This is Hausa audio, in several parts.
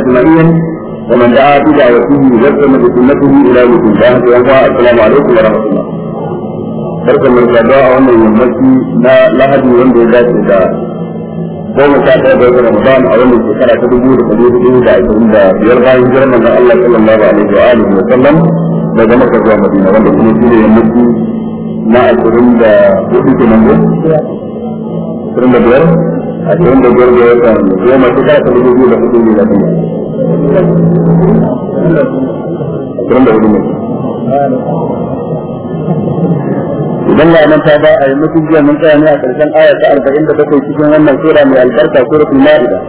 أجمعين ومن دعا بدعوته وسلم بسنته إلى يوم الدين السلام عليكم ورحمة الله barkan mu da a wannan yammaci na lahadi wanda ya dace da goma sha ɗaya ga watan Ramadan a wannan shekara ta dubu da ɗari hudu da ashirin da biyar bayan hijirar manzon Allah sallallahu alaihi wa alihi wa sallam daga Makka zuwa Madina wanda kuma shi ne yammaci na ashirin da hudu kenan ko ashirin da biyar a cikin ya samu goma ta ta ta rubu da hudu ne da kuma ashirin da hudu ne idan ba nan ta ba a yi mutum jiya mun tsaya ne a ƙarshen aya ta arba'in da bakwai cikin wannan sura mai albarka suratul ma'ida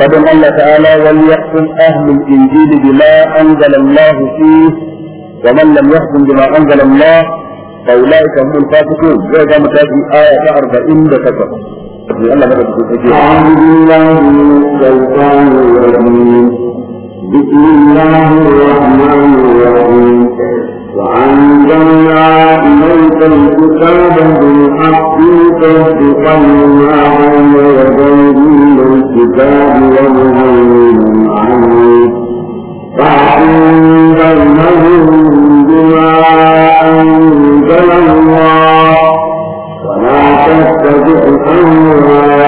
فضل الله تعالى وليحكم أهل الإنجيل بما أنزل الله فيه ومن لم يحكم بما أنزل الله فأولئك هم الفاسقون زي كما تأتي آية 40 ذكر أعوذ بالله من الشيطان الرجيم بسم الله الرحمن الرحيم وأنزلنا إليك الكتاب بالحق مصدقا لما بين يديه من الكتاب ومهيمنا عليه فاحكم بينهم بما أنزل أنزل الله ولا تتبع أهواءهم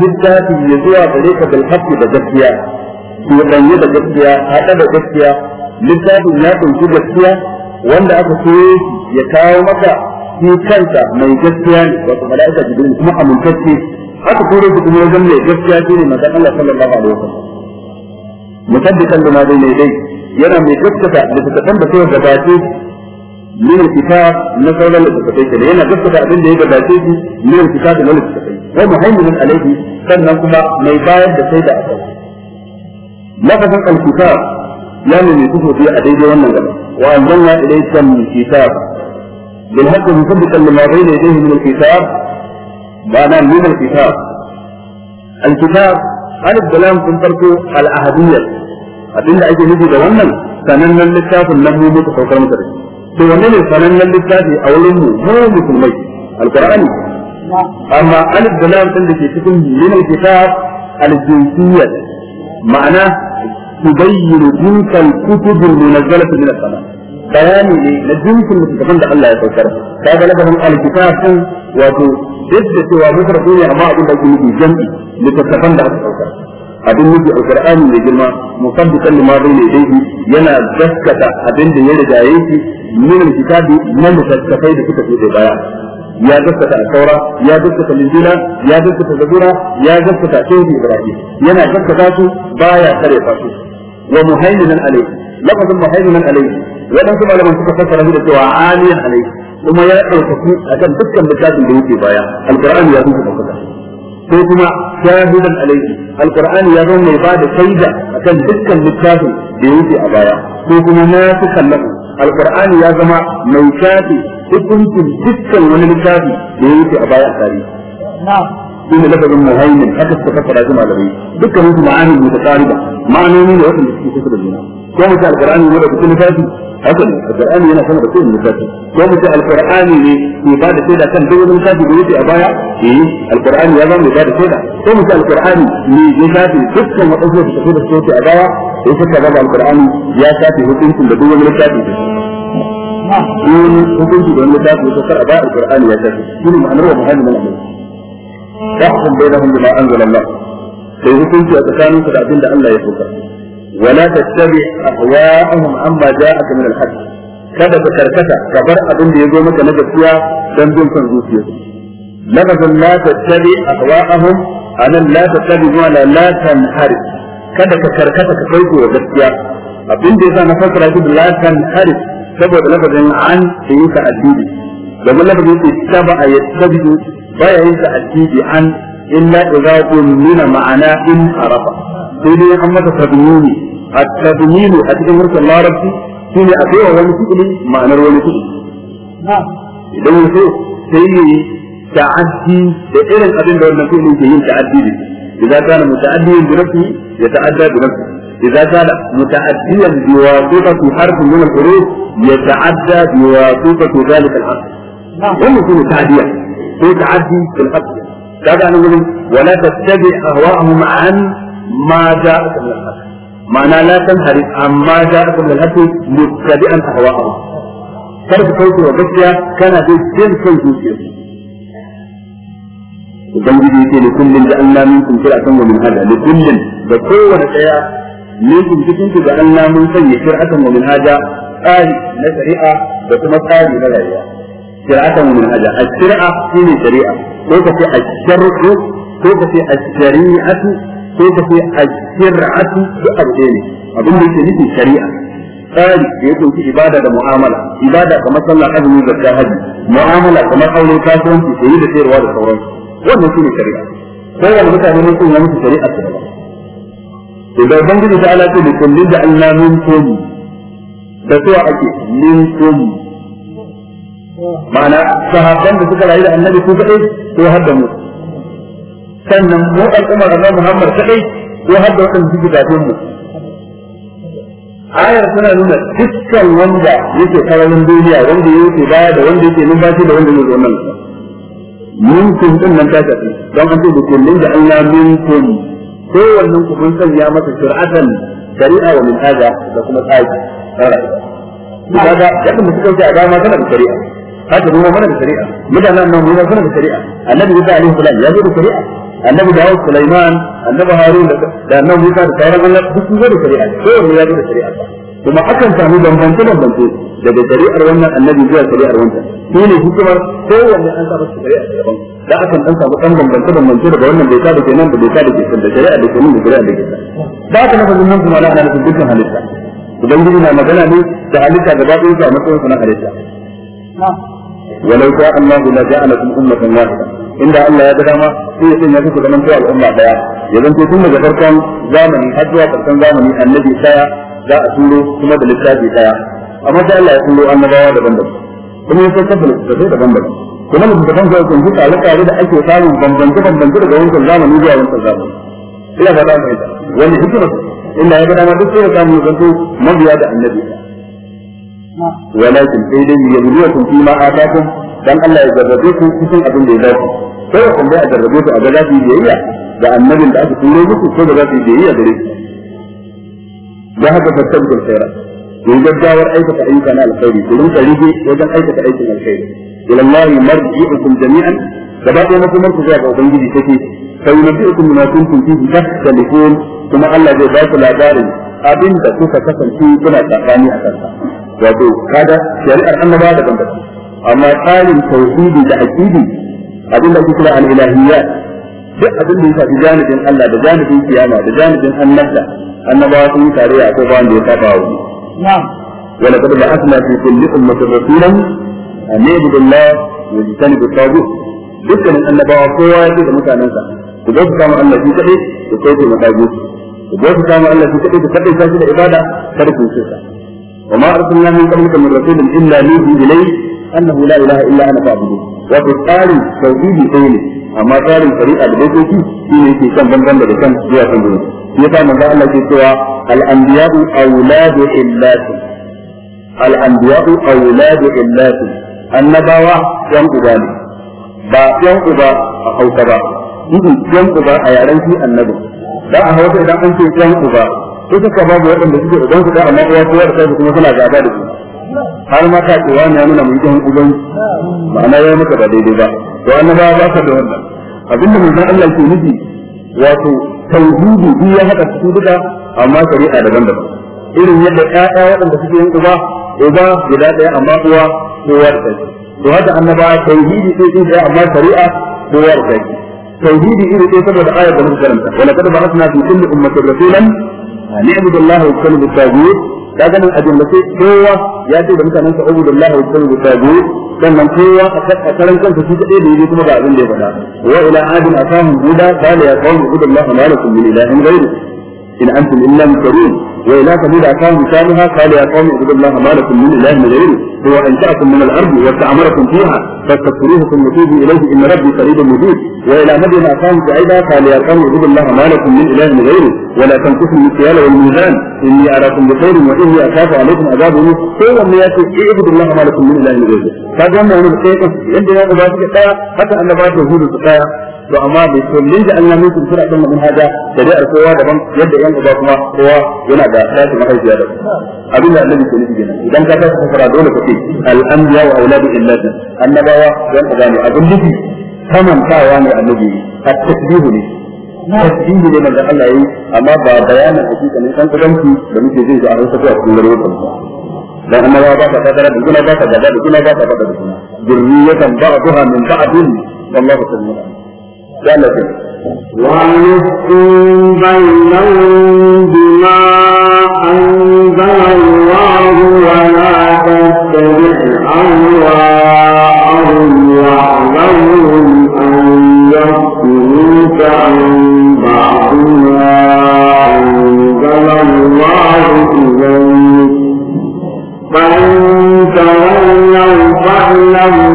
littafi ya zuwa gare ka bil haqqi da gaskiya ki danye da gaskiya hada da gaskiya littafin ya kunshi gaskiya wanda aka so ya kawo maka shi kanta mai gaskiya ne wato mala'ika jibril kuma amintacce haka kore su kuma wajen mai gaskiya ne, manzon Allah sallallahu alaihi wasallam musaddiqan lima bayna yadayhi yana mai gaskata da kuka da sai gabace min kitab na sauran da kuka yana gaskata abin da ya gabace shi min kitab da wani kuka wa muhaimin alaihi sannan kuma mai bayar da sai da akai lafazin alkitab ya ne mai kusa a daidai wannan gaba wa anzalna ilayka alkitab bil haqqi musaddiqan lima bayna yadayhi min alkitab ma'ana min alkitab alkitab alif da lam sun farko al-ahadiyya abinda ake nufi da wannan sanannen littafin nan mu muka saukar masa da shi to wanne ne sanannen littafi a wurin mu mu musulmai alqur'ani amma alif da lam din da ke cikin min al-kitab al-jinsiyya ma'ana tubayyinu jinsal kutub al-munazzalah min as-sama bayani ne na jinsin littafin da Allah ya saukar ka ga lafazin al-kitab din wato duk da cewa mufrad ne amma abin da ake nufi jam'i littafin da aka saukar abin nufi alqur'ani ne girma musaddiqan lima bayna yadayhi yana gaskata abin da ya riga yake min al-kitabi na mutakkafai da suka fi baya ya gaskata al-taura ya gaskata linjila ya gaskata zabura ya gaskata shehu ibrahim yana gaskata su baya kare su wa muhaiminan alayhi lafazin muhaiminan alayhi wadansu malaman suka fassara shi da cewa aliyan alayhi kuma ya ɗaukaku akan dukkan littafin da yake baya alqur'ani ya zuci ɗaukaka ko kuma shahidan alayhi alqur'ani ya zama mai bada shaida akan dukkan littafin da yake a baya ko kuma na fi kallafu alqur'ani ya zama mai shafi hukuncin dukkan wani littafi da ya wuce a baya a tarihi shi ne lafazin muhaimin haka suka fassara shi malamai dukkan wasu ma'ani mutakariba ma'anoni ne waɗanda suke kusa da juna ko mu ce alqur'ani ne da cikin littafi haka ne alqur'ani yana sama da kowane littafi ko mu ce alqur'ani ne ke ba da shaida kan duk wani littafi da yake a baya eh alqur'ani ya zama ba da shaida ko mu ce alqur'ani ne ya shafi dukkan waɗanda suke da shaida a baya sai suka zama alqur'ani ya shafi hukuncin da duk wani littafi wani hukunci da wani tafi ta kar a ba alqur'ani ya tafi shi ne ma'anar wa muhammadin nan tahkum bainahum bima anzala Allah kai hukunci a tsakanin su da abin da Allah ya sauka wala tattabi ahwa'ahum amma ja'aka min al-haqq kada ka karkata ka bar abin da ya zo maka na gaskiya dan bin son zuciyarsu lafazin la tattabi ahwa'ahum anan la tattabi wa la la tanharif kada ka karkata ka kauce wa gaskiya abin da yasa na fasara shi la tanharif saboda lafazin an da yin sa addini domin lafazin su taba a yattabidu baya yin sa addini an illa idza nuna ma'ana in arafa sai dai an masa tadmini a tadminu a cikin harshen larabci shine a kai wa wani fi'ili ma'anar wani fi'ili idan wani so sai ne ta'addi da irin abin da wannan fi'ilin ke yin ta da shi إذا كان متعديا بنفسه يتعدى بنفسه إذا كان متعديا بواسطة حرف من الحروف يتعدى بواسطة ذلك الحرف هم يكونوا تعديا هو تعدي في الحرف كذا نقول ولا تتبع أهواءهم عن ما جاءك من الحرف معنى لا تنحرف عما جاءك من الحرف متبعا أهواءهم كرب صوته وغشيا كان في جنس الجنسية ubangiji yake da kullun da Allah min kun kira kan wa min hada da kullun da kowane daya ne kun cikin ku da Allah mun sanya kiratan wa min hada tsari na shari'a da kuma tsari na rayuwa kiratan wa min hada al-shari'a shine shari'a ko kace al-shar'u ko kace al-shari'atu ko kace al-shir'atu da abin ne abin da yake nufi shari'a tsari da ya ɗauki ibada da mu'amala ibada kamar sallah azumi zakka haji mu'amala kamar aure kasuwanci sayi da sayarwa da sauransu wannan ne shari'a wani mutane ne sun ya musu shari'a su idan ubangiji ta alaƙa da kullum da Allah min komi da suwa ake min komi ma'ana sahabban da suka rayu da annabi su kaɗai ko har da mu sannan mu al'ummar da Muhammad kaɗai ko har da waɗanda suke kafin mu ayar tana nuna dukkan wanda yake sararin duniya wanda yake baya da wanda yake numfashi da wanda yake zo nan minkum din nan ta tafi don an ce da kullun da Allah minkum ko wannan ku kun sanya masa shir'atan shari'a wa min haja da kuma tsaki da yadda mutum kanta a ma tana da shari'a haka mana da shari'a mutanen nan mana da shari'a annabi Isa alaihi salam ya zo da shari'a annabi Dawud Sulaiman annabi Harun da da sauran Allah duk sun zo da shari'a ko ya zo da shari'a kuma akan samu bambance bambance daga shari'ar wannan annabi zuwa shari'ar wancan shi ne hikima ko wanda an saba su a daban da akan dan samu dan da bambance daga wannan bai sabu nan da bai sabu ke da shari'a da kunun da shari'a da ke ta da aka nafa nan kuma la'ana da dukkan halitta ubangiji na magana ne da halitta da babu yasa matsayin sa na halitta walau ta Allah la ja'alakum ummatan wahida inda Allah ya gada ma sai ya sanya su ga nan ko al'umma daya yanzu tun daga farkon zamani har zuwa farkon zamani annabi sai za a turo kuma da littafi daya amma sai Allah ya turo annabawa daban-daban kuma ya san kafin da sai daban-daban kuma da daban sai kun duka alƙari da ake samun bambance bambance daga wancan zamani zuwa wancan zamani ina ba ta fahimta wani hikima inda ya ga dama duk sai ya samu zanto mabiya da annabi walakin sai dai ya biyo kun fi ma a atakum dan Allah ya jarrabe ku cikin abin da ya dace sai kun dai a jarrabe ku a ga za biyayya da annabin da aka turo muku ko da za biyayya gare shi da haka fattar da khairat da gaggawar aikata ayyuka na alkhairi ku rinka rige wajen aikata aikin alkhairi ila Allah marji'ukum jami'an gaba ɗaya makomar ku zuwa ga ubangiji take sai nabi ukum ma kuntum fihi tahtalifun kuma Allah zai ba ku labarin abin da kuka kasance kuna tsakani a kansa wato kada shari'ar annabawa da banda amma tsarin tauhidi da aqidi abin da kuka al-ilahiyyat duk abin da ya shafi janibin Allah da janibin kiyama da janibin annabta annabawa sun yi tarayya ko ba wanda ya saba wa na'am wa laqad ba'athna fi kulli ummatin rasulan an ibudu Allah wa yajtanibu at-taghut dukkanin annabawa kowa ya ce da mutanensa ku zo ku samu Allah shi kadai ku kauce matagut ku zo ku samu Allah shi kadai ku kadai shi da ibada kada ku yi وما أرسلنا من قبلك من رسول إلا نوحي إليه أنه لا إله إلا أنا فاعبدون وفي الآل توحيدي بيني amma tsarin shari'a da dokoki shi ne yake kan banban daga kan zuwa kan gurin shi yasa manzo Allah ke cewa al-anbiya'u awladu illati al-anbiya'u awladu illati annabawa yan uba ne ba yan uba a hausa ba idan yan uba a yaren shi annabi dan a hausa idan an ce yan uba sai suka babu waɗanda suke uban su da amma uwa ko yarsa kuma suna gaba da su har ma ka ce wani ya nuna mu yi uban ma'ana ya maka ba daidai ba to annaba ba ka da wannan abinda manzon Allah ke nufi wato tauhidi bi ya hada su duka amma shari'a daban-daban irin yadda ƴaƴa waɗanda suke yin uba uba guda ɗaya amma uwa kowa da kai to haka annaba tauhidi sai din ɗaya amma shari'a kowa da kai tauhidi iri ɗaya saboda ayar da muka karanta wala kad ba'athna fi kulli ummatin rasulan an i'budu allaha wa tajtanibu at kaga nan a jumlace kowa ya ce da mutanen sa ubu billahi wa sallu tabu sannan kowa a karan kansa shi kadai da yake kuma ga abin da ya faɗa wa ila adin akahu huda qala ya qawmi ubudullahi ma lakum min ilahin ghayru in antum illa muftarun وإلى ثمود أخاهم صالحا قال يا قوم اعبدوا الله ما لكم من إله غيره هو أنشأكم من الأرض واستعمركم فيها فاستغفروه ثم توبوا إليه إن ربي قريب مجيب وإلى مدين أقام سعيدا قال يا قوم اعبدوا الله ما لكم من إله غيره ولا تنقصوا المكيال والميزان إني أراكم بخير وإني أخاف عليكم عذاب يوم هو يأتي اعبدوا الله ما لكم من إله غيره فقال أنه من عندنا أبا حتى أن بعض يهود سكايا to amma bai to lin da Allah ne kuma suna mun haja da dai kowa daban yadda yan uba kuma kowa yana da tashi mahaifiya da abin da Allah ke nufi kenan idan ka ta fara dole ka ce al anbiya wa auladu illati annabawa dan uba ne abin duki kamantawa ne annabi at tasbihu ne tasbihu ne manzo Allah yi amma ba bayanin hakika ne san kudanci da muke jin da a rasa ko a cikin garin dan annabawa ba ta fadara da guna ba ta gaba da guna ba ta fadara da guna zurriyatan ba'daha min ba'din wallahu ta'ala ثالثا ونحكم بينهم بما أنزل الله ولا تتبع أهواءهم واعذرهم أن يفتنوك عن بعض ما أنزل الله إليك فإن تولوا فاعلم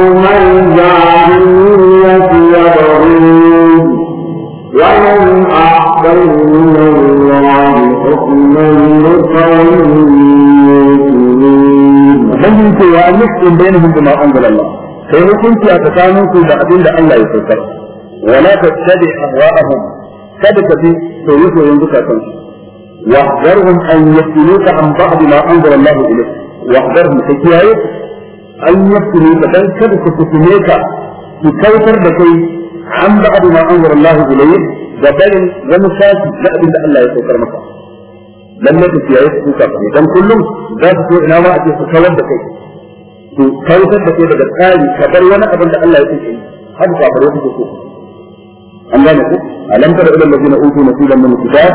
يحكم بينهم بما انزل الله كي كنت اتكانوا في بعدين لان لا يفكر ولا تتبع اهواءهم ثبت في سويته ينبك واحذرهم ان يفتنوك عن بعض ما انزل الله اليك واحذرهم كي an yaftini ka dan kada ku fitine ka ki kautar da kai an da abu ma anzar Allah ilayhi da barin wani sashi da abin da Allah ya saukar maka lalle ku kiyaye ku ka ne dan kullum za ku so ina ma a ce ku kawar da kai ku kautar da kai daga tsari ka bar wani abin da Allah ya saukar har ka bar wani ko an gane ku alam tara ila alladhina utu nasiban min kitab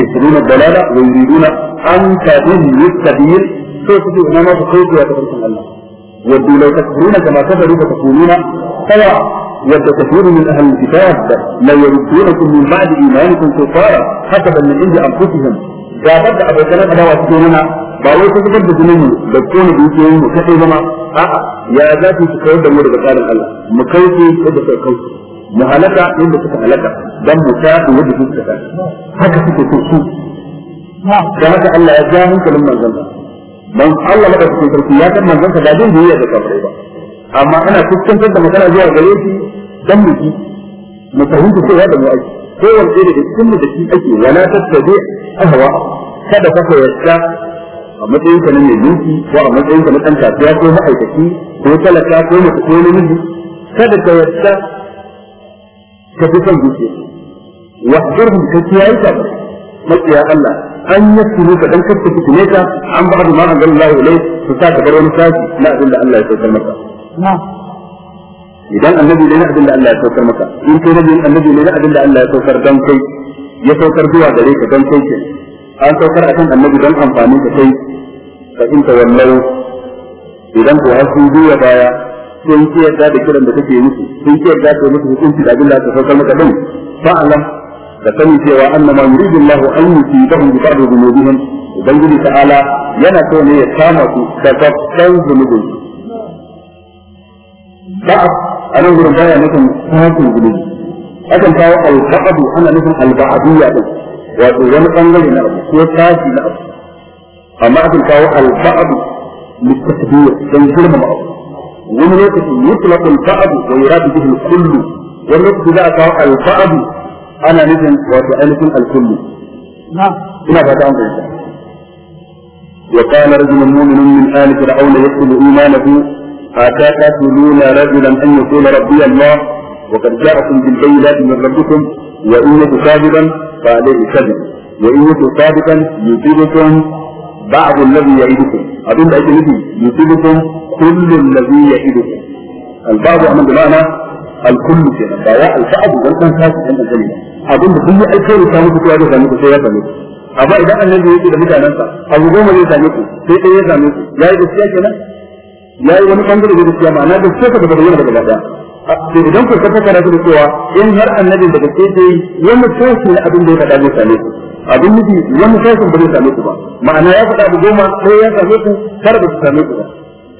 yasruna dalala wa yuriduna an tadillu sabil so su ina ma ku kauce wa tafarkin Allah يبدو لو تكفرون كما كفروا فتقولون سواء يبدو كثير من اهل الكتاب لا يردونكم من بعد ايمانكم كفارا حسبا من عند انفسهم يا بدا ابو جلال هذا وسكوننا باوي كنت بدا جنوني بكون بيكي مكتبنا ما آه، آه. يا ذاتي تكون دمور بكال نعم. الله مكوكي كده سيكوكي مهلكة عند تتهلكة دم مساء ويد في السفاة هكذا تكون سوء كما الله يجاهم كلما زمان dan Allah maka cikin sarki ya san manzon sa da zai yi da kafirai ba amma ana fuskantar da magana zuwa gare shi dan mu ji mu fahimta cewa da mu aiki ko wanda da cikin da shi ake wala tattabi ahwa kada ka koyarta a matsayin ka na mai yanki ko a matsayin ka na dan kasuwa ko ma'aikaci ko talaka ko mutum ko namiji kada ka yarda ka fi son zuciya wa jirgin ka kiyaye ka maƙiya Allah an yasiru ka dan kake kike ne ka an ba da ma ga Allah ilai su sa ka bar wani sashi na abin da Allah ya saukar maka idan annabi ne na abin da Allah ya saukar maka in kai nabi annabi ne na abin da Allah ya saukar dan kai ya saukar zuwa gare ka dan kai ke an saukar akan annabi dan amfani ka kai fa in tawallau idan ko hasu zuwa baya sun ki yarda da kiran da kake musu sun ki yarda da musu hukunci da abin da aka saukar maka din fa alam da sani cewa annama yuridu Allah an yusibahum bi ba'd dhunubihim ubangiji ta'ala yana so ne ya kama su da babban zunubin ba'a anan gurin baya nufin sakin zunubi akan kawo al-qadu ana nufin al-ba'diyya din wato wani bangare na abu ko tashi na abu amma akan kawo al-ba'du للتكبير كي يجرم الأرض ومن يطلق البعض ويراد به الكل والنقد ذاك البعض ana nufin wato ainihin alkulli ina ba ta an fahimta وقال رجل مؤمن من آل فرعون يكتب إيمانه أتى تقتلون رجلا أن يقول ربي الله وقد جاءكم بالبينات من ربكم وإن يك كاذبا فعليه كذب وإن يك صادقا يصيبكم بعض الذي يعدكم أظن أجل يصيبكم كل الذي يعدكم البعض أمام بمعنى alkullu kenan ba ya alfa'adu dan dan sashi dan dan ne wani bangare da gaskiya ma'ana da sai ka daga yana in har annabi daga sai dai ya mutu shi abin da ma'ana ya goma ya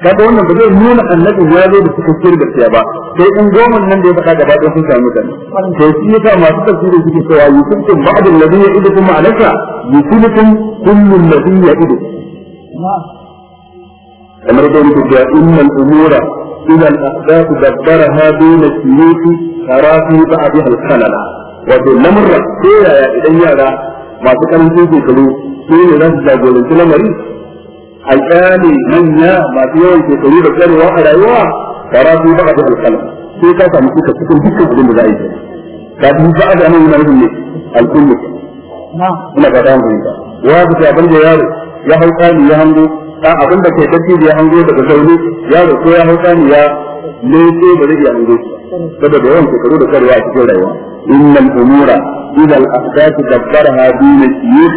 kaga wannan ba zai nuna annabi ya zo da cikakkiyar gaskiya ba sai in goma nan da ya faɗa gaba ɗaya sun samu kan to shi yasa masu tafsiri suke cewa yusukum ba'd alladhi ya'idukum alaka yusukum kullu alladhi ya'idu kamar da yake cewa innal umura إذا الأحداث دبرها بين الشيوخ ترى al-khalala wa wato lamurra ko yaya idan yara masu karancin shekaru sai ne za su jagoranci lamari a manya masu yawan shekaru da tsarewa a rayuwa tara su ba a da alƙalam sai ka samu suka cikin dukkan abin da za a yi ka bi ba a da nan yana yin ne al'umma ina ba ta ba ya ku ta ban da yaro ya hau kani ya hango a abin da kai dace da ya hango daga zaune yaro ko ya hau kani ya lece ba zai hango saboda yawan shekaru da tsarewa a cikin rayuwa innal umura إذا الأحداث دبرها دون الشيوخ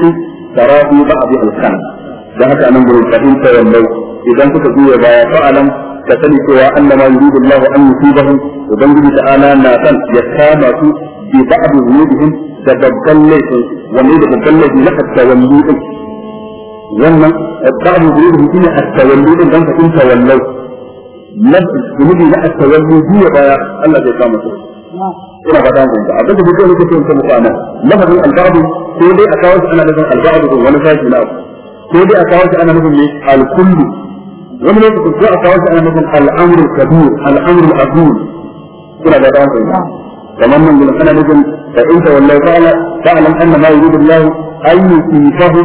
تراه بعض الخلق da haka anan gurin fa'in ta wallau idan kuka juya baya alam ka sani cewa annama yuridu Allahu an yusibahu ubangiji ta'ala na san ya kama su bi ba'du dhunubihim da babban laifin ne da babban laifin na tawallu din wannan ba'd dhunubihim shine at-tawallu din dan fa'in ta wallau lafi zunubi na at-tawallu juya baya Allah zai kama su ina fata mun da abin da duk wani kake yin lafazin al-ba'd sai dai a kawo ana nufin al-ba'd wani sashi na ko dai a kawo shi ana nufin ne al-kullu wani lokacin ko a kawo shi ana nufin al-amru kabir al-amru azul kuna da dan sai kamar nan gurin ana nufin fa in ta wallahi ta'ala ta'lam anna ma yuridu Allah an yusifahu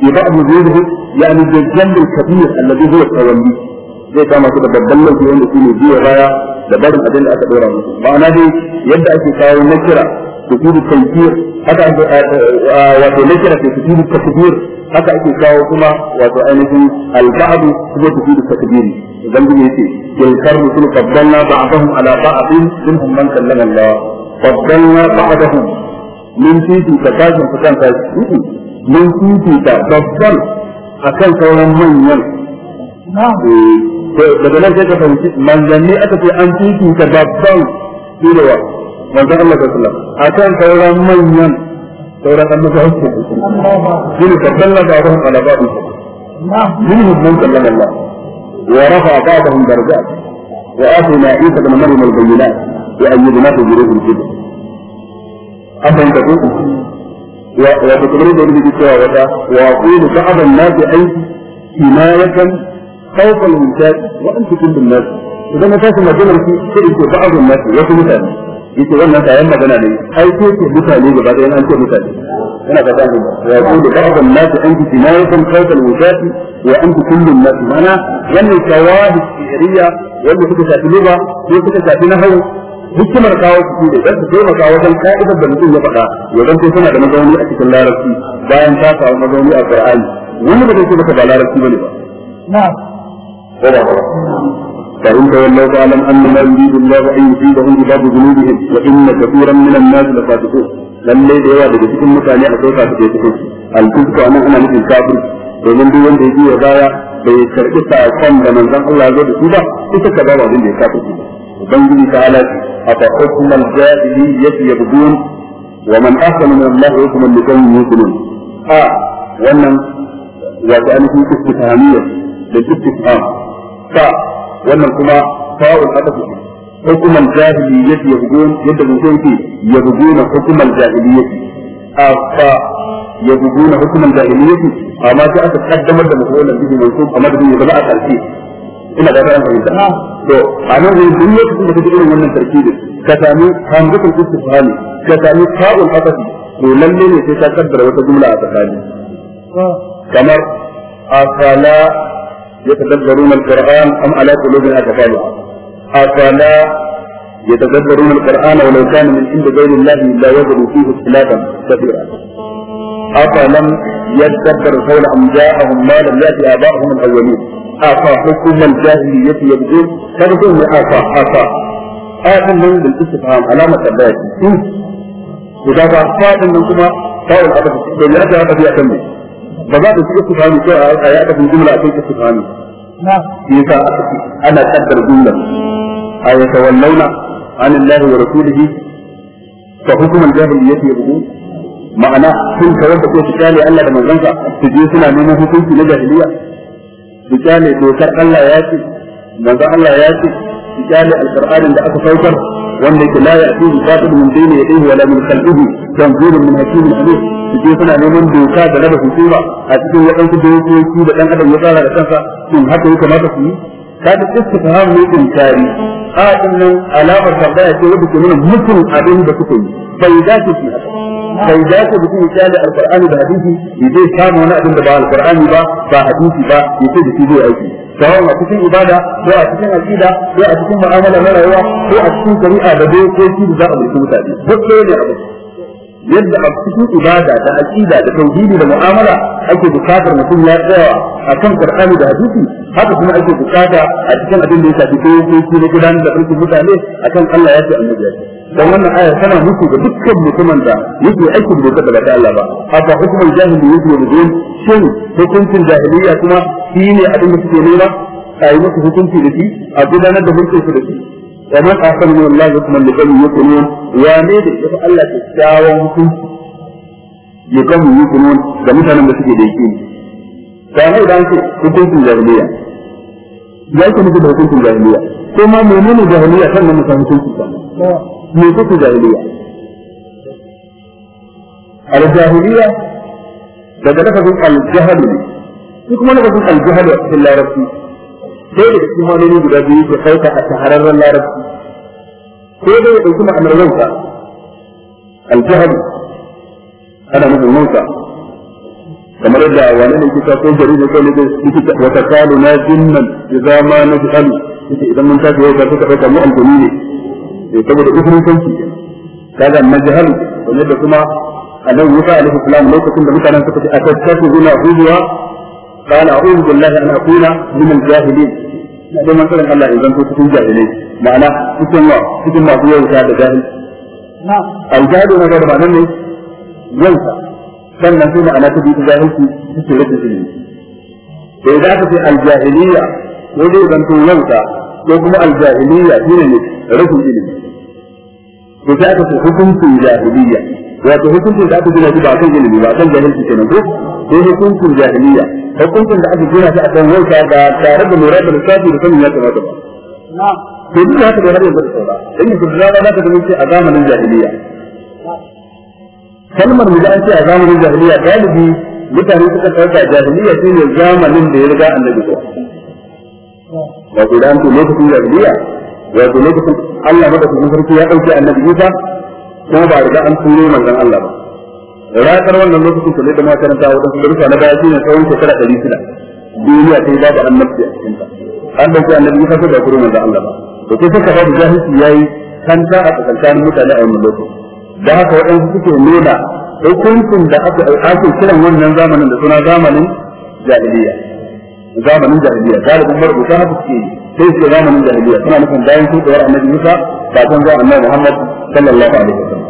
bi ba'd yuridu yani bi jannat al-kabir alladhi huwa tawalli zai kama su da babban laifi wanda shine biya baya da barin abin da aka dora musu ma'ana dai yadda ake kawo nakira تفيد التيسير هذا wato nakira ke تفيد التكبير haka ake kawo kuma wato ainihin al-ba'du kuma tafidu takbiri idan gudu yake tilkar rusul qaddalna ba'dahum ala ba'din minhum man kallama Allah qaddalna ba'dahum min titi takashin fukan ta shi min titi ta babban akan sauran manyan eh, daga nan sai ka fahimci manzanni aka ce an titi ta babban shi da wa manzan Allah sallallahu alaihi wasallam akan sauran manyan sauran an masa hukun shi ne kallon da abin ala منهم من كلم الله ورفع بعضهم درجات وآتينا عيسى بن مريم البينات وأيدناه بروح القدس أفهم تقول وتقريب ابن بكتابة وأقول بعض الناس أي حماية خوفا من ذلك وأنت كل الناس إذا ما تاسم جمل في بعض الناس وفي مثال yake wannan kayan magana ne ai ko ke mutane gaba da an ce mutane yana ka ta ya ku da kada na ta anti tinayakum kawkal wujati wa anti kullu nas mana wannan tawadi shi'riya wanda suka shafi lugha ko suka shafi nahwu hikimar kawo su ne zai su taimaka wajen ka'idar da mutum ya faɗa ya zanto suna da mazauni a cikin larabci bayan ta samu mazauni a qur'ani wani ba zai ce maka ba larabci bane ba na'am فإن تولوا فاعلم أن يريد الله أن يصيبهم إلا بذنوبهم وإن كثيرا من الناس لفاسقون lallai da yawa daga cikin mutane akwai fasikai cikin su alfisku anan ana nufin kafir domin duk wanda ya biyo baya ya karɓi sakon da manzon Allah ya zo da su ba ita ka ba abin da ya kafir su ubangiji ta ala afa hukmal jahiliyyati yabdun wa Allah a wannan da wannan kuma fa'ul hadafu hukuman jahiliyyati yabghun yadda mun yake yabghuna hukuman jahiliyyati afa ya yabghuna hukuman jahiliyyati amma sai aka kaddamar da mafa'ulan bihi mansub amma da ya zama a karshe ina da ran fahimta to Anan nan ne duk lokacin da kake irin wannan tarkibi ka sami hamzatul istifhami ka sami fa'ul hadafu to lalle ne sai ka kaddara wata jumla a tsakani kamar afala يتدبرون القرآن أم على قلوب أقفالها أفلا يتدبرون القرآن ولو كان من عند غير الله لا وجدوا فيه اختلافا كثيرا أفلم يتدبر القول أم جاءهم ما لم يأت آبائهم الأولين حكم الجاهلية يبدون تبدون أفا أفا آخر من بالاستفهام علامة الباقي إيه؟ إذا فاعل من كما قول الأبد لا يأت آباؤهم ba za ta ci istifhami ko a ya aka jumla akwai istifhami shi yasa ana kaddar jumla a ya tawallauna an Allah wa rasulihi fa hukumul jahiliyyati yabghun ma'ana sun kawar da ko su kyale Allah da manzansa su je suna neman hukunci na jahiliya su kyale dokar Allah ya ce manzon Allah ya ce su kyale alqur'anin da aka saukar wanda ke la ya'tihi batil min ya yadayhi wala min khalfihi tanzilun min hakimin alim suke suna neman doka da raba hukuma a cikin waɗansu dokoki da ɗan adam ya tsara da kansa shin haka ya kamata su yi ka ta istifham ne inkari a nan alamar tambaya ce wadda ke nuna mutum abin da suka yi bai dace shi haka bai dace mutum ya da hadisi ya je samu wani abin da ba alqur'ani ba ba hadisi ba ya da shi aiki sawon a cikin ibada ko a cikin aqida ko a cikin mu'amala na rayuwa ko a cikin shari'a da dokoki da za a mutu mutane duk dai ne abu yadda a cikin ibada da aqida da tauhidi da mu'amala ake bukatar mutum ya tsaya akan qur'ani da hadisi haka kuma ake bukata a cikin abin da ya shafi shi na gudanar da aikin mutane akan Allah ya ce annabi ya ce dan wannan aya tana muku ga dukkan mutumin da yake aikin doka da ta Allah ba haka hukumar jahili yake yanzu shin hukuncin jahiliya kuma shi ne abin da suke nema a yi musu hukunci da shi a gudanar da mulkin su da shi Allah ومن أحسن yake الله حكما ne da ومن Allah الله تعالى hukunci. ya gamu yukunun ga mutanen da suke da yake ne ne idan ce hukuncin jahiliya ya ce muku da hukuncin jahiliya ko ma menene jahiliya sannan mutum hukuncin ba ميتة جاهلية الجاهلية لدى لفظ الجهل كما لفظ الجهل في الله ربي كيف يسمى لني الجهل في خيطة أتحرر الله ربي كيف يسمى أمر الموتى الجهل أنا من الموتى كما لدى وانا انتفاقه جريد وتقال ما جنن إذا ما نجهل إذا من تاتي وكتبت مؤمنين saboda kufurin sauki kaga majhal wanda da kuma annabi Musa alaihi salam lokacin da mutanen suka ce atattaku zuna huwa قال أعوذ بالله أن أكون من الجاهلين na dai man tsarin Allah idan ko cikin jahilai ma'ana cikin wa cikin masu yauta da jahil aljahilu na gaba nan ne yauta sannan sai ma'ana ta biyu jahilci cikin rashin ilimi da idan aka ce aljahiliya ko dai idan to yauta ko kuma aljahiliya shine ne rashin ilimi to sai aka ce hukuncin jahiliya wato hukuncin da aka gina shi ba kan ilimi ba kan jahilci kenan ko ko hukuncin jahiliya hukuncin da aka gina shi a kan wauta ba tare da lura da lissafi da sanin ya kamata ba to duk da haka da har yanzu da saura dan yanzu da za ka zama a zamanin jahiliya kalmar mu da an ce a zamanin jahiliya galibi mutane suka ɗauka jahiliya shine zamanin da ya riga annabi ko wato da an ce lokacin jahiliya wato lokacin Allah madaukakin sarki ya dauke annabi Isa ko ba riga an turo manzon Allah ba ranar wannan lokacin kule da makaranta wadansu darussa na baya shine tsawon shekara ɗari shida duniya sai babu annabci a cikinta an dauki annabi Isa ko da turo manzon Allah ba to sai suka babu jahilci yi kanta a tsakanin mutane a wannan lokacin da haka waɗansu suke nuna hukuncin da aka ake kiran wannan zamanin da suna zamanin jahiliya zamanin jahiliya galibin marubuta haka suke yi sai su zamanin jahiliya suna nufin bayan shuɗewar annabi Musa kafin zuwa annabi Muhammad sallallahu alaihi wasallam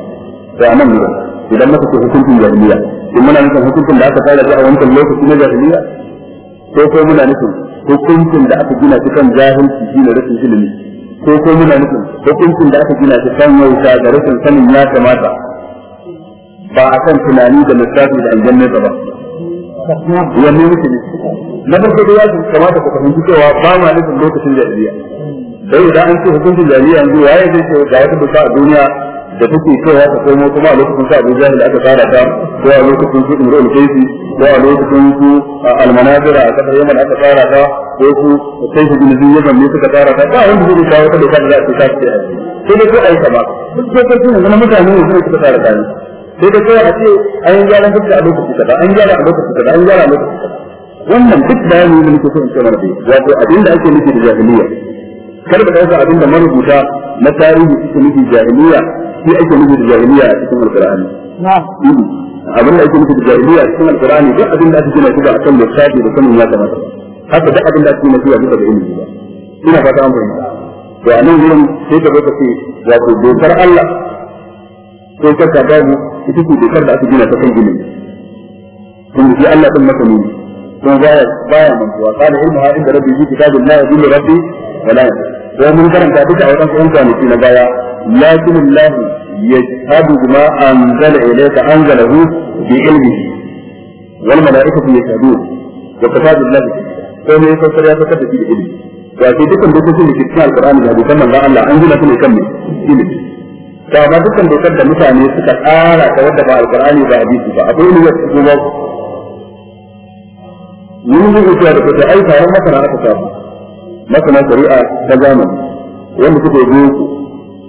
to anan ne idan muka ce hukuncin jahiliya in muna nufin hukuncin da aka fara a wancan lokaci na jahiliya ko ko muna nufin hukuncin da aka gina shi kan jahilci shine rashin ilimi ko ko muna nufin hukuncin da aka gina shi kan wauta da rashin sanin ya kamata ba akan tunani da lissafi da aljanna ba wannan yake ne na farko da ya kamata ku fahimci ba ma nufin lokacin jahiliya dai da an ce hukuncin jahiliya yanzu zai ce ga wata doka a duniya da take cewa ta komo kuma a lokacin sa Abu Jahil aka fara ta ko a lokacin su Imran kai ko a lokacin su almanazira a kasar Yaman aka fara ta ko su Kaifi bin Zubair Yaman ne suka fara ta ba wanda zai kawo ta doka da za a ta ce sai dai ko ai kama duk dokokin ne mutane ne suka suka fara ta sai dai ko a ce an gyara duk a kaza an gyara a lokaci kaza an gyara a kaza wannan duk bayani da muke so in ce mana bai wato abin da ake nufi da jahiliya kar ka dauka abin da marubuta na tarihi suke nufi jahiliya shi ake nufi da jahiliya a cikin alqur'ani abin da ake nufi da jahiliya a cikin alqur'ani duk abin da ake gina shi a kan lissafi da sanin ya kamata haka duk abin da ake nufi a bisa da ilimi ba ina fata an fahimta to a nan gurin sai ka zo ka ce wato dokar Allah ko ka babu ita ce dokar da aka gina ta kan ilimi kun ji Allah din masani ne don baya baya mantuwa kada ilmu hadin da rabbi yi kitabun la yadullu rabbi wala yadullu ko mun karanta duka a wajen kuma kwanaki na baya lakin Allah yashhadu bima anzala ilayka anzalahu bi ilmihi wal malaikatu yashhadun wa kitabu Allah ko ne ko sai ya fada da ilmi ya ce dukkan da ke cikin alqur'ani da hadisan manzon Allah an gina su ne kan ilmi to amma dukkan dokar da mutane suka tsara ta wadda ba alqur'ani ba hadisi ba akwai ne wasu mun yi zuciya da kusa ai taron masana aka samu masana shari'a ta zamani wanda suka yi biyu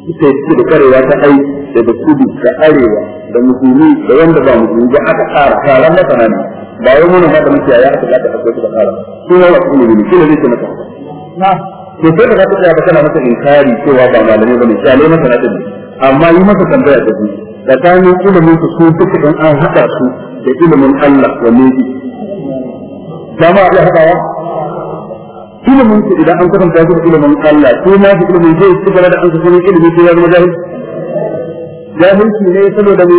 suka yi da karewa ta ai daga kudu da arewa da musulmi da wanda ba musulmi da aka tsara taron masana ne ba wai mun ba da mutiyaya aka ga aka kai da tsara su ne wasu ilimi shi ne zai maka na to sai da ka tsaya ba kana masa inkari cewa ba malamai bane shi ne masana din amma yi masa tambaya da shi tsakanin ilimin su su duka dan an hada su da ilimin Allah wa ne da ma ya hadawa ilimin su idan an kasanta su ilimin Allah ko ma su ilimin zai ci gaba da an kasance ilimin sai ya zama jahil jahilci ne saboda me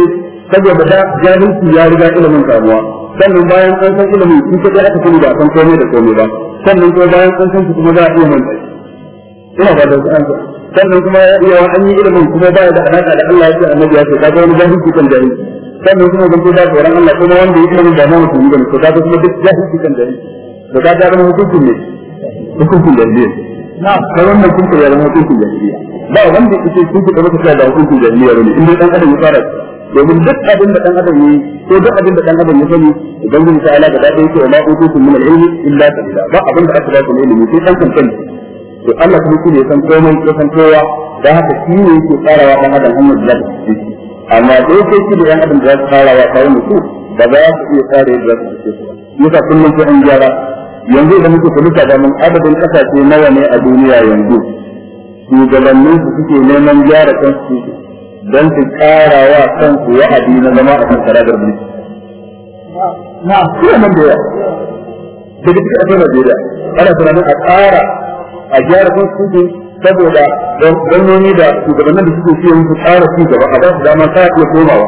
saboda da jahilci ya riga ilimin kamuwa sannan bayan an san ilimin in ka aka sani ba san komai da komai ba sannan kuma bayan an san su kuma za a iya manta ina ba da an sannan kuma ya an yi ilimin kuma ba da alaka da Allah ya ce annabi ya ce ka ga wani jahilci kan jahilci sannan kuma zanto da tsoron Allah kuma wanda ya kira da ma mutum ne to kaga kuma duk jahilci kan gari to kaga da hukuncin ne hukuncin jahiliya na ta wannan kun ya zama hukuncin jahiliya ba wanda yake kun ka maka sai da hukuncin jahiliya ne inda dan adam ya fara domin duk abin da dan adam yi ko duk abin da dan adam ya sani ubangiji ta ala da yake wa ma utukum min al-ilmi illa qalila ba abin da aka ba ku ilimi sai dan kan kan to Allah kuma shi ne san komai ya san kowa da haka shi ne yake tsarawa dan adam hanyar da zai amma shi da yan adam za su fara wa kawo mutu ba za su iya fara yadda za su fice su yasa kullum sai an gyara yanzu da muke kulita da mun adadin kasashe nawa ne a duniya yanzu shugabannin su suke neman gyara kansu don su kara wa kansu wa'adi na zama a kan karagar Na Na kuma nan da yawa daga cikin ajiyar Najeriya ana tunanin a kara a gyara kansu saboda gwamnoni da shugabannin da suke fiye tsara su gaba a basu dama ta iya komawa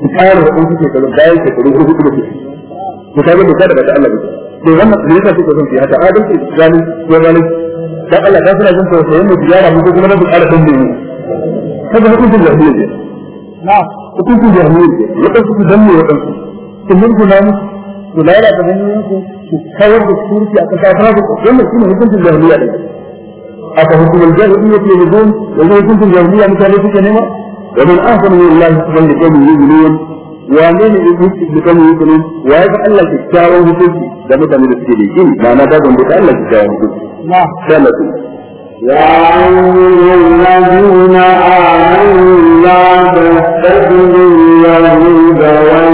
su tsara da kun suke ko daga Allah da yasa da gani ko gani Allah ta suna jin mu mu kuma na ku lalata hanyoyinku ku kawar da surki a kasa babu wannan shine hukuncin jahiliya ne aka hukumar jahiliya ke da zon yanzu hukuncin jahiliya mutane suke nema ومن أحسن من الله سبحانه لقوم يؤمنون wane ne in hukunci da kan hukunin wa ya ga Allah kyakkyawan hukunci da mutane da suke da shi ba na da gonda da Allah kyakkyawan hukunci na sallatu ya ayyuhallazina amanu la tattabi'u yahuda wa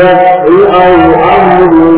النفع أو أمر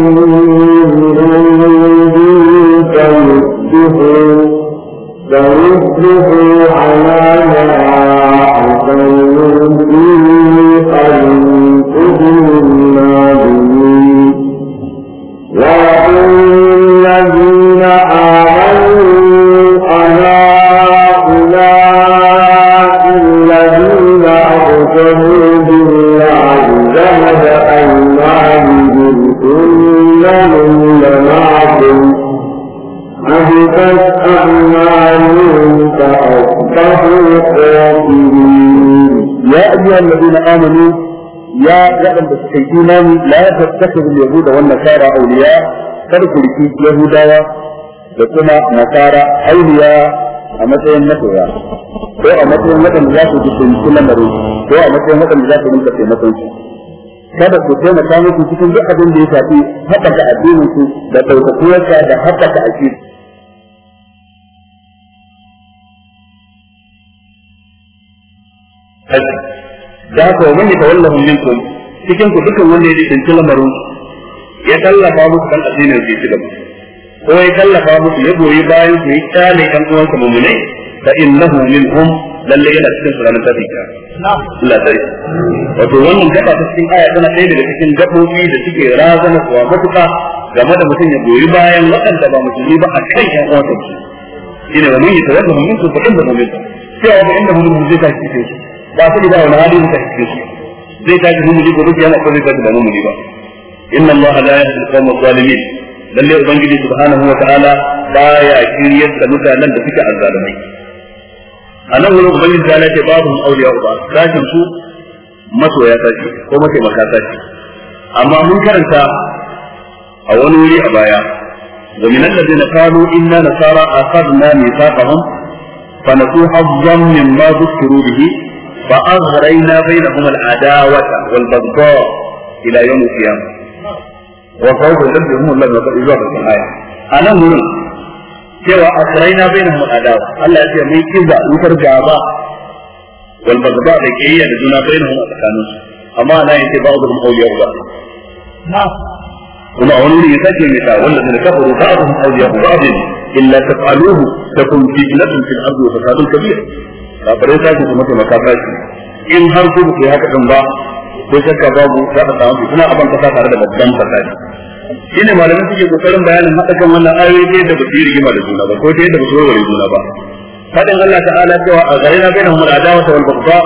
إمامي لا تتخذ اليهود والنصارى أولياء فالكريكي يهودا لكما نصارى أولياء أمتين نتويا هو أمتين نتن ذات جسم كل مريض هو أمتين نتن ذات من كثير نتن كذا كتين كانوا في جسم بأحد ليساتي حتى تأدينه لتو تقويك حتى تأشير ذاك ومن يتولهم منكم cikin ku dukan wanda ya tsinci lamarin ya tallafa muku kan addinin su ci gaba ko ya tallafa muku ya goyi bayan ku ya kyale kan ku mumune fa innahu minhum lalle yana cikin su ranar tafi Allah dai wato wannan da ta cikin aya tana ɗaya daga cikin gabobi da suke razana kuwa matuka game da mutum ya goyi bayan waɗanda ba musulmi ba a kan ƴan uwansa su shine wa mun yi tawalla mun su fa innahu minhum sai wa innahu minhum zai ka cikin su ba su da wani hali ta cikin su zai tashi mumuni gobe kiyama ko zai tashi ba mumuni ba inna allaha la yahdi al-qawma adh-dhalimin lalle ubangiji subhanahu wa ta'ala baya shiryar da mutanen da suke azzalumai anan wurin ubangiji ta ce babu auliya uba sashin su masoya sashi ko mace mataimaka sashi amma mun karanta a wani wuri a baya ومن الذين قالوا إنا نصارى أخذنا ميثاقهم فنسوا حظا مما ذكروا به فأغرينا بينهم العداوة والبغضاء إلى يوم القيامة وصوف الذي هم الذين يزور في الآية أنا هنا سوى أغرينا بينهم العداوة الله يأتي من كذا يترجع بعض والبغضاء لكي يجدنا بينهم التكانوس أما لا ينتهي بعضهم أولياء بعض نعم وما أولي يتجي النساء والذين كفروا بعضهم أولياء بعض إلا تفعلوه تكون فتنة في الأرض وفساد كبير kafirai sashi su ta sashi in har su ke haka din ba ko shakka babu za ta samu suna aban kasa tare da babban fasadi shi ne suke kokarin bayanin haɗa kan wannan ayoyi ta yadda ba su yi rigima da juna ba ko ta yadda ba su warware juna ba fadin Allah ta'ala cewa a gare na bainahum al'adawa wal baghdha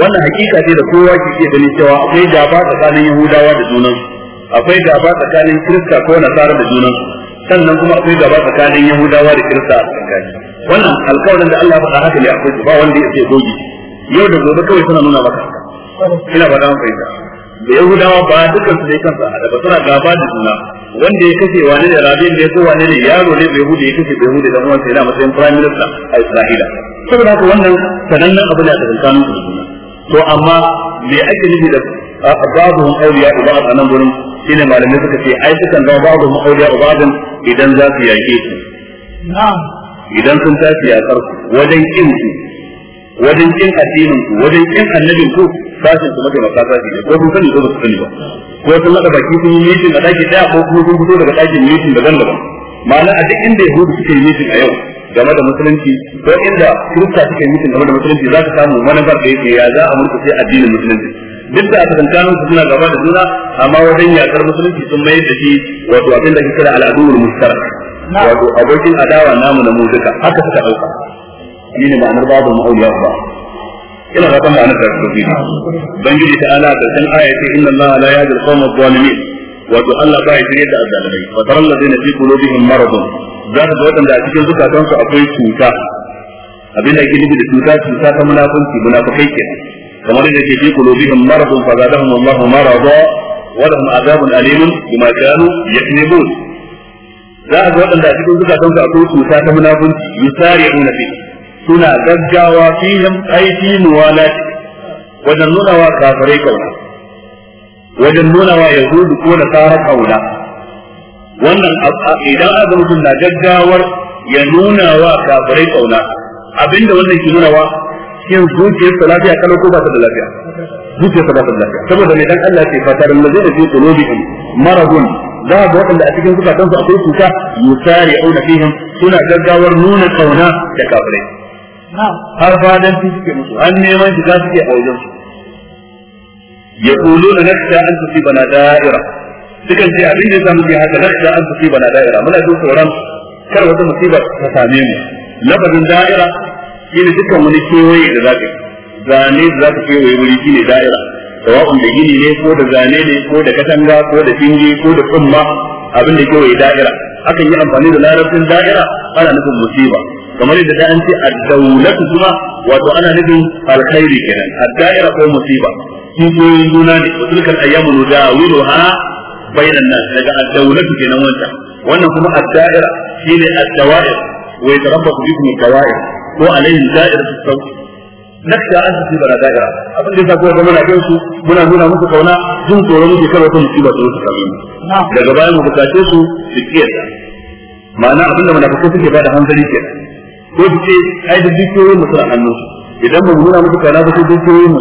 wannan hakika ce da kowa ke iya ganin cewa akwai gaba tsakanin Yahudawa da junan akwai gaba tsakanin Kirista ko Nasara da junan sannan kuma akwai gaba tsakanin Yahudawa da Kirista a tsakanin wannan alƙawarin da Allah ya faɗa haka ne akwai ba wanda ya ce goge yau da gobe kawai suna nuna maka ina faɗa maka ita da yahudawa ba dukkan su dai kansa a daga suna gaba da suna. wanda ya kashe wani da rabin da ya zo wani ne yaro ne bai hude ya kashe bai hude da kuma sai na matsayin prime minister a Isra'ila saboda haka wannan sanannen abu ne a tsakanin su to amma me ake nufi da babu auliya uba a nan gurin shine malamai suka ce ai sukan zama babu auliya uba idan za su yake su na'am idan sun tafi ya karku wajen kin su wajen kin addinin ku wajen kin annabin ku sashin su maka maka sashi ne ko sun sani ko ba su sani ba ko sun lada baki sun yi mitin a daki daya ko kuma sun fito daga dakin mitin daban daban ma'ana a duk inda yahudu suke yi mitin a yau game da musulunci ko inda kirista suke mitin game da musulunci za ka samu manufar da yake ya za a mutu sai addinin musulunci duk da aka tsankanin su suna gaba da juna amma wajen yakar musulunci sun mayar da shi wato abin da ake kira al'adun mustarak wato abokin adawa namu na mu duka haka suka dauka ni ne ma'anar babu ma'auliya ba ina kan ma'anar da su biyu ubangiji ta ala da san aya ce inna allaha la yahdi al-qawma adh-dhalimin wato Allah ba ya shirye da azzalimai wa taral ladina fi qulubihim maradun za ka ga wadanda a cikin zukatansu akwai cuta abin da yake nufi da cuta cuta ta munafunci munafukai kenan kamar da ke fi qulubihim maradun fa zadahum Allahu marada wa lahum adhabun alimun bima kanu yaknibun za a ga waɗanda a cikin zuka kanka akwai cuta ta munafunci yusari'una fi suna gaggawa fihim aiki muwalati wajen nuna wa kafirai kauna wajen nuna wa yahudu ko da tsara kauna wannan idan aka mutum na gaggawar ya nuna wa kafirai kauna abinda wannan ke nuna wa shin ta lafiya kalau ko ba ta da lafiya zuciyarsa ba ta da lafiya saboda mai dan Allah ce fatar lazina fi qulubihim maradun za a ga waɗanda a cikin zukatan su akwai cuta yusari'una fihim suna gaggawar nuna kauna da kafirai har fadan su suke musu an neman shiga suke a wajen su yaquluna nasta an tusibana da'ira sukan ce abin da ya samu ke haka nasta an tusibana da'ira muna jin tsoron kar wata musiba ta same mu lafazin da'ira shine dukkan wani kewaye da zaka zane da zaka kewaye wuri shine da'ira sawa'un da gini ne ko da zane ne ko da katanga ko da tinge ko da tsumma abin da kewaye da'ira akan yi amfani da larabcin da'ira ana nufin musiba kamar yadda da an ce ad daulatu kuma wato ana nufin alkhairi kenan ad-da'ira ko musiba shi ko juna ne wa tilkal ayyamu nudawiluha bainan nan. daga ad daulatu kenan wannan wannan kuma ad-da'ira shine ad-dawa'ir wa yatarabbasu bikum ad-dawa'ir ko alayhi da'iratu sawt nakhsha an ci bara daga abin da ya ko zama na kai su muna nuna musu kauna jin tsoron muke kada wata musiba ta musu kafin daga bayan mu bukace su su kiyata ma'ana abin da munafikai suke bada hankali ke ko su ce ai da dukiyoyin mu suna hannun su idan ba mu nuna musu kauna ba sai dukiyoyin mu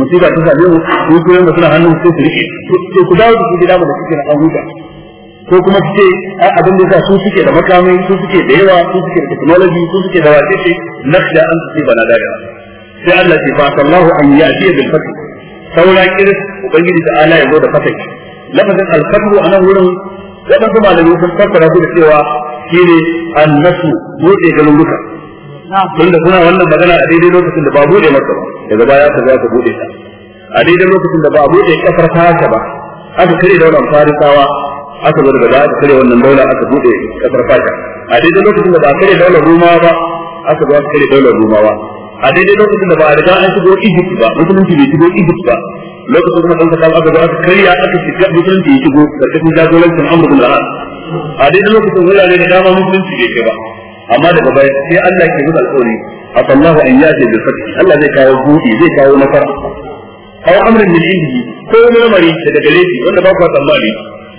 musiba ta same mu dukiyoyin mu suna hannun su su rike ko ku dawo da su gida mu da suke na abuja ko kuma su ce ai abin da su suke da makamai su suke da yawa su suke da technology su suke da wace ce nakhsha an ci bara daga sai Allah ce fa sallahu an ya'ti bil fath saura kiris ubangiji ta ala ya zo da fatai lafazin al fathu anan wurin wadansu malamai sun fassara su da cewa shine annasu bude galuruka tunda suna wannan magana a daidai lokacin da ba bude masa ba daga baya ta za ta bude ta a daidai lokacin da ba bude kafar fasa ba aka kare wannan farisawa aka zo daga za aka kare wannan daula aka bude kafar fata. a daidai lokacin da ba kare daular rumawa ba aka zo aka kare daular rumawa a daidai lokacin da ba a riga an shigo Egypt ba musulunci bai shigo Egypt ba lokacin kuma kanka kan aka zo aka karya aka shiga musulunci ya shigo karkashin jagorancin Amr bin al a daidai lokacin wurare da dama musulunci bai kai ba amma daga baya sai Allah ke musu alƙawari asallahu an yati bil fath Allah zai kawo buɗe zai kawo nasara aw amrin min indihi ko lamari daga gare shi wanda ba ku tsammani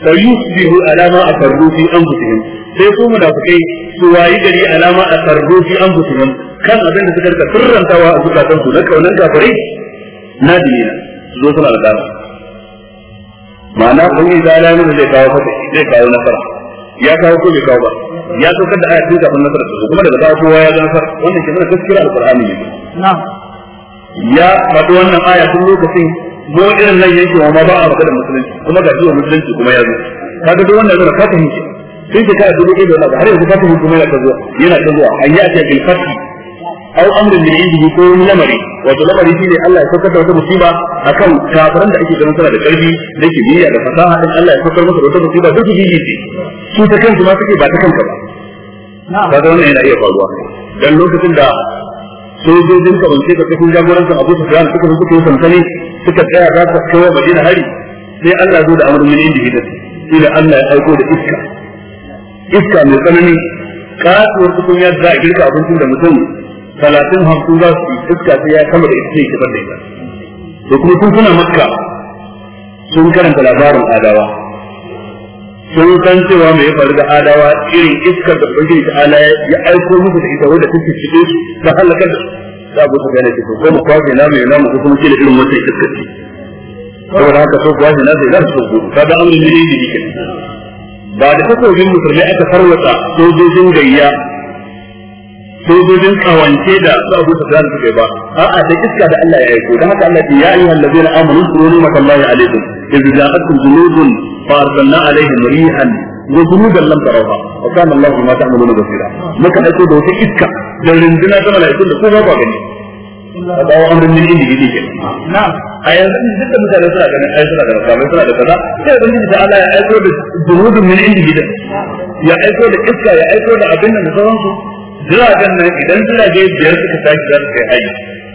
fa yusbihu alama akarru fi anfusihim sai su munafikai su wayi gari alama akarru fi anfusihim kan abin da suka rika turrantawa a zukatan su na kaunan kafare na dinina zo suna da dama ma'ana kun yi lamun da zai kawo fata zai kawo nasara ya kawo ko bai kawo ba ya a da ayatun kafin nasara su kuma daga baya kowa ya zama nasara wannan ke nuna gaskiyar alqur'ani ne ya faɗi wannan aya tun lokacin mu irin nan yake wa ma ba a magana musulunci kuma ga jiwa musulunci kuma ya zo kaga duk wannan zai ka fahimci sai ka dubi ido na har yanzu ka fahimci kuma yana ta zuwa yana ta zuwa an yi a cikin fasi aw amrin min indihi ko wani lamari wato lamari shine Allah ya saukar da wata musiba akan kafiran da ake ganin suna da karfi da ke biya da fasaha din Allah ya saukar musu da wata musiba duk su biye ce su ta kansu ma suke ba ta kanka ba kaga wannan yana iya faruwa dan lokacin da sojojin ka bance ka cikin jagorancin Abu Sufyan suka zo suka yi sansani suka tsaya za su kawo Madina hari sai Allah ya zo da amrin min indihi da ila Allah ya aiko da iska iska mai tsanani kasuwar tukunya za a girka abincin da mutum talatin hamsin za su yi iska sai ya kama da ita ke bar da ita to kuma sun suna makka sun karanta labarin adawa sun san cewa mai ya faru da adawa irin iskar da ubangiji ta ala ya aiko musu da ita wadda take cike su ta halakar da za abu su gane ta ko mu kwafe na mai namu ko kuma kila irin wata iskar ce saboda haka so kwafe na sai za so gudu da amrin ne ne ne ba da takobin musulmi aka farwata sojojin gayya sojojin kawance da za a su zan suke ba a a sai iska da Allah ya aiko don haka Allah ya yi zai ayyuhal ladina amanu kuruni matallahi alaikum idza ja'atkum junudun fa arsalna alaihim rihan wa junudan lam tarawha wa kana Allah ma ta'maluna basira muka aiko da wata iska da rinjina ta malaikun da kuma ba gani a dawo amrin min indi gidi ke a yanzu duka mutane suna ganin ai suna da kamar suna da kaza sai ubangiji da Allah ya aiko da junudun min indi gidi ya aiko da iska ya aiko da abin da sauransu jiragen nan idan jirage biyar suka tashi za su kai hari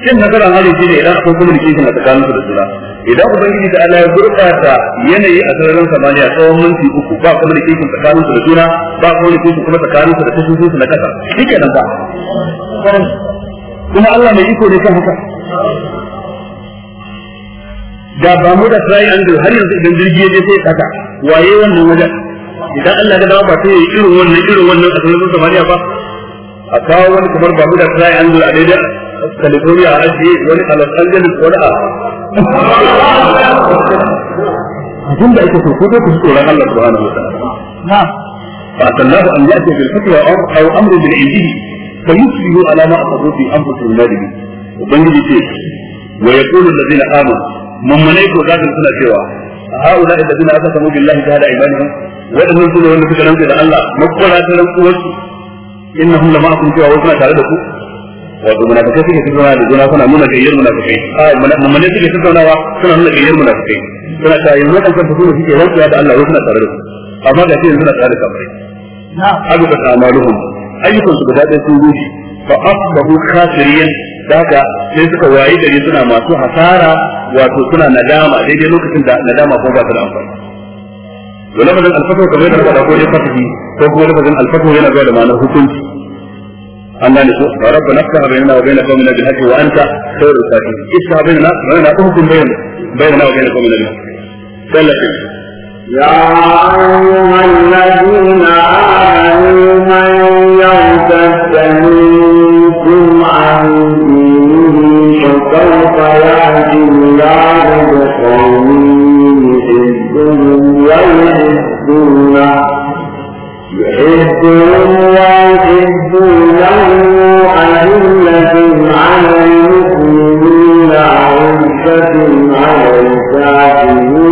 cin nasarar hari shi ne idan akwai communication a tsakanin su da juna idan ubangiji da Allah ya gurɓata yanayi a sararin samaniya tsawon minti uku ba communication tsakanin su da juna ba communication kuma tsakanin su da tashoshin su na kasa shike nan ba kuma Allah mai iko ne kan haka da ba mu da tsayi an har yanzu idan jirgi ya je sai kaka waye wannan wajen idan Allah ya dawo ba sai irin wannan irin wannan a sararin samaniya ba a kawo wani kamar babu da tsaye an lura daidai california a ajiye wani a los angeles wani abin da ake so ko ko tsoron Allah subhanahu wa ta'ala na fa sallahu an ya'ti bil fatwa aw amru bil ilmi fa yusbihu ala ma aqadu fi anfusihim nadibi ubangiji ce wa yaqulu alladhina amanu mummunai ko zakin suna cewa haula alladhina aqsamu billahi jahada imanihim wadannan sune wanda suka rantsa da Allah makwara innahum lama'akum cewa wasu na tare da ku wato munafikai suke tattaunawa da juna suna nuna gayyar munafikai a munafikai suke tattaunawa suna nuna gayyar munafikai suna ta yanzu kan kanta suna suke rantsuwa da Allah wasu na tare da ku amma ga shi yanzu na tare da kafirai abu da kamaruhum ayyukan su guda ɗaya sun rushe fa asbahu khasiriyan daga sai suka wayi gari suna masu hasara wato suna nadama daidai lokacin da nadama ko ba su da amfani wala mazan alfatu kamar da ko ne fatihi ko kuma mazan alfatu yana zuwa da ma'anar an gane ko ba rabba nafsa ha bainana wa baina qawmina bil haqqi wa anta khairul qadim isha bainana wa baina qawmin bain bainana wa baina qawmina bil haqqi sallatin ya ayyuhalladhina amanu man yartadda minkum an dinihi fa يرزقهم ويحبونه أذلة على المؤمنين عزة على الكافرين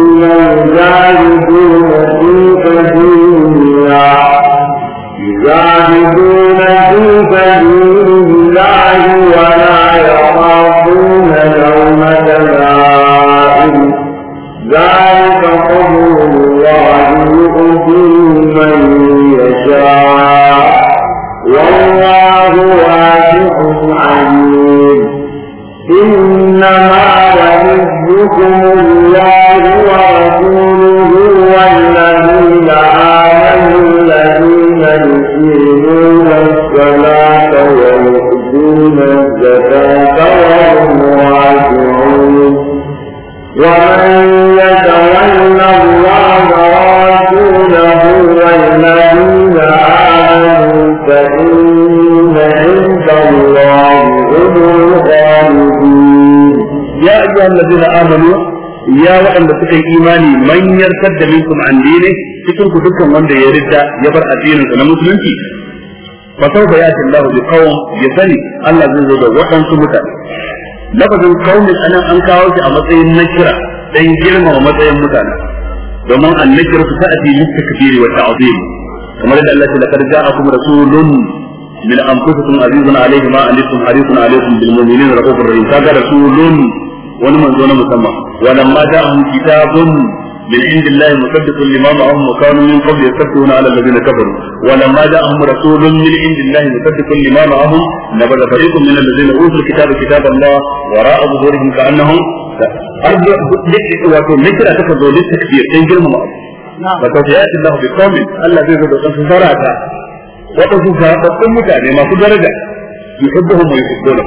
ayyuhal ladina amanu ya waɗanda suka yi imani man yarkad da minkum an dine cikin ku dukkan wanda ya ridda ya bar addinin sa na musulunci fa ya ya'ti Allahu bi qawm sani Allah zai zo da waɗansu mutane lafazin qaumin anan an kawo shi a matsayin nakira dan girmama matsayin mutane domin an annakira ta ta'ati listakbiri wa ta'zim kamar da Allah ya laqad ja'akum rasulun من أنفسكم عزيز عليه ما أنتم حريص عليكم بالمؤمنين رؤوف الرحيم كذا رسول wani manzo na musamman wala ma ja'ahum kitabun min indillahi musaddiqun lima ma'ahum wa kanu min qabli yastaqiluna 'ala alladhina kafaru wala ma ja'ahum rasulun min indillahi musaddiqun lima ma'ahum nabada fariqun min alladhina utul kitaba kitaballah wara'a dhuhurihim ka'annahum arja dukkan wa to ne kira taka zo lit takbir sai girma ma'a ba ta ya ce Allah bi qawmin Allah zai zo da kansu zarata wato su ga babban mutane masu daraja yuhibbuhum wa yuhibbuna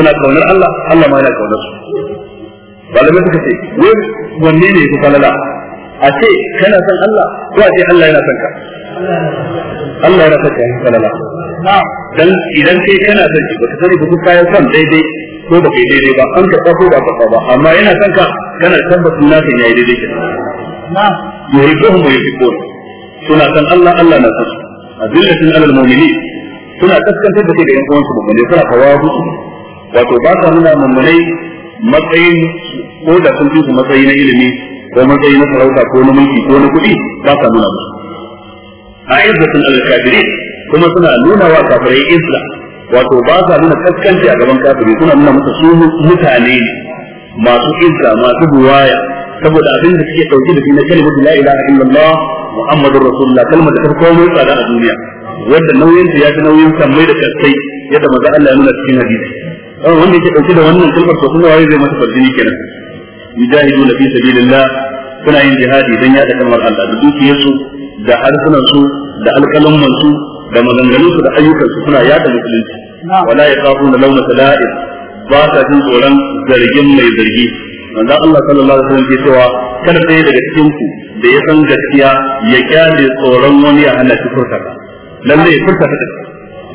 suna kaunar Allah Allah ma yana kaunar malamai suka ce wai wanne ne ku falala a ce kana son Allah ko a ce Allah yana son ka Allah yana son ka yin falala dan idan kai kana son shi baka sani ba ku kayan son daidai ko ba kai daidai ba an karɓa ko ba karɓa ba amma yana son ka kana tabbatin nasa yayi daidai ke na'am yuriduhum wa yuhibbun suna son Allah Allah na son su azillatin alal mu'minin suna kaskantar da kai da yan uwansu mu'mini suna tawadu wato ba sa nuna mu'minai matsayin ko da sun fi su matsayi na ilimi ko matsayi na sarauta ko na mulki ko na kuɗi ba sa nuna ba. a izzatin al-kafirin kuma suna nuna wa kafirai izza wato ba sa nuna kaskanci a gaban kafiri suna nuna musu su mutane ne masu izza masu buwaya saboda abin da suke dauke da shi na kalmatu la ilaha illallah muhammadur rasulullah kalmar da ta komai tsada a duniya wanda nauyin ta ya fi nauyin kammai da kasai yadda maza Allah ya nuna cikin hadisi kawai wanda yake dauke da wannan kalmar to kuma waye zai masa farjini kenan yujahiduna fi sabilillah suna yin jihadi dan ya kalmar Allah da dukiyarsu da harsunan su da alƙalamman da maganganun da ayyukan su suna yada musulunci wala yaqafuna lawna sala'id ba sa jin tsoron zargin mai zargi manzo Allah sallallahu alaihi wasallam daga cikin ku da ya san gaskiya ya kyale tsoron wani ya hana shi furta lalle ya furta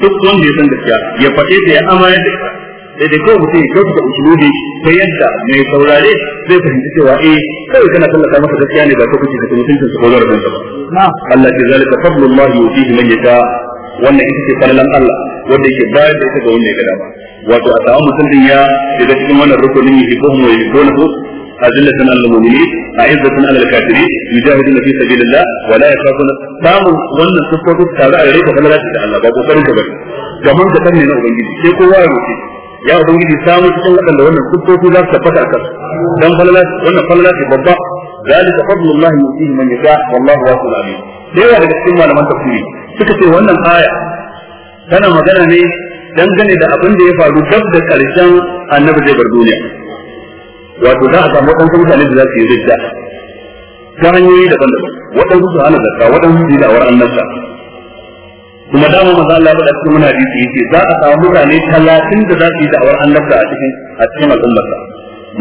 duk wanda ya san gaskiya ya faɗe ya sai dai kawai mutum ya kyautata ta yadda mai saurare zai fahimci cewa eh kawai kana tallata masa gaskiya ne ba ka kuce ka mutuncin su ko zarafin sa ba Allah ke zalika fadlullahi yutihi man yasha wannan ita ce falalan Allah wanda yake bayar da ita ga wanda ya ga dama wato a samu mutum din ya daga cikin wannan rukunin أذلة على المؤمنين أعزة على الكافرين يجاهدون في سبيل الله ولا يخافون ظن فلا بابو فرنك بك كمان تتمنى أبنجي ya ubangiji samun cikin waɗanda wannan kuskoki za su tabbata a kansu dan falala wannan falala ce babba ذلك فضل الله يؤتيه من يشاء والله واسع عليم da yawa daga cikin malaman tafsiri suka ce wannan aya tana magana ne dangane da abin da ya faru dab da karshen annabi zai bar duniya wato za a samu waɗansu mutane da za su yi zai ta hanyoyi daban-daban waɗansu su hana zakka waɗansu su yi da'awar annabta kuma dama maza Allah bada cikin muna hadisi yake za a samu mutane 30 da za su yi da'awar annabta a cikin a cikin al'ummarsa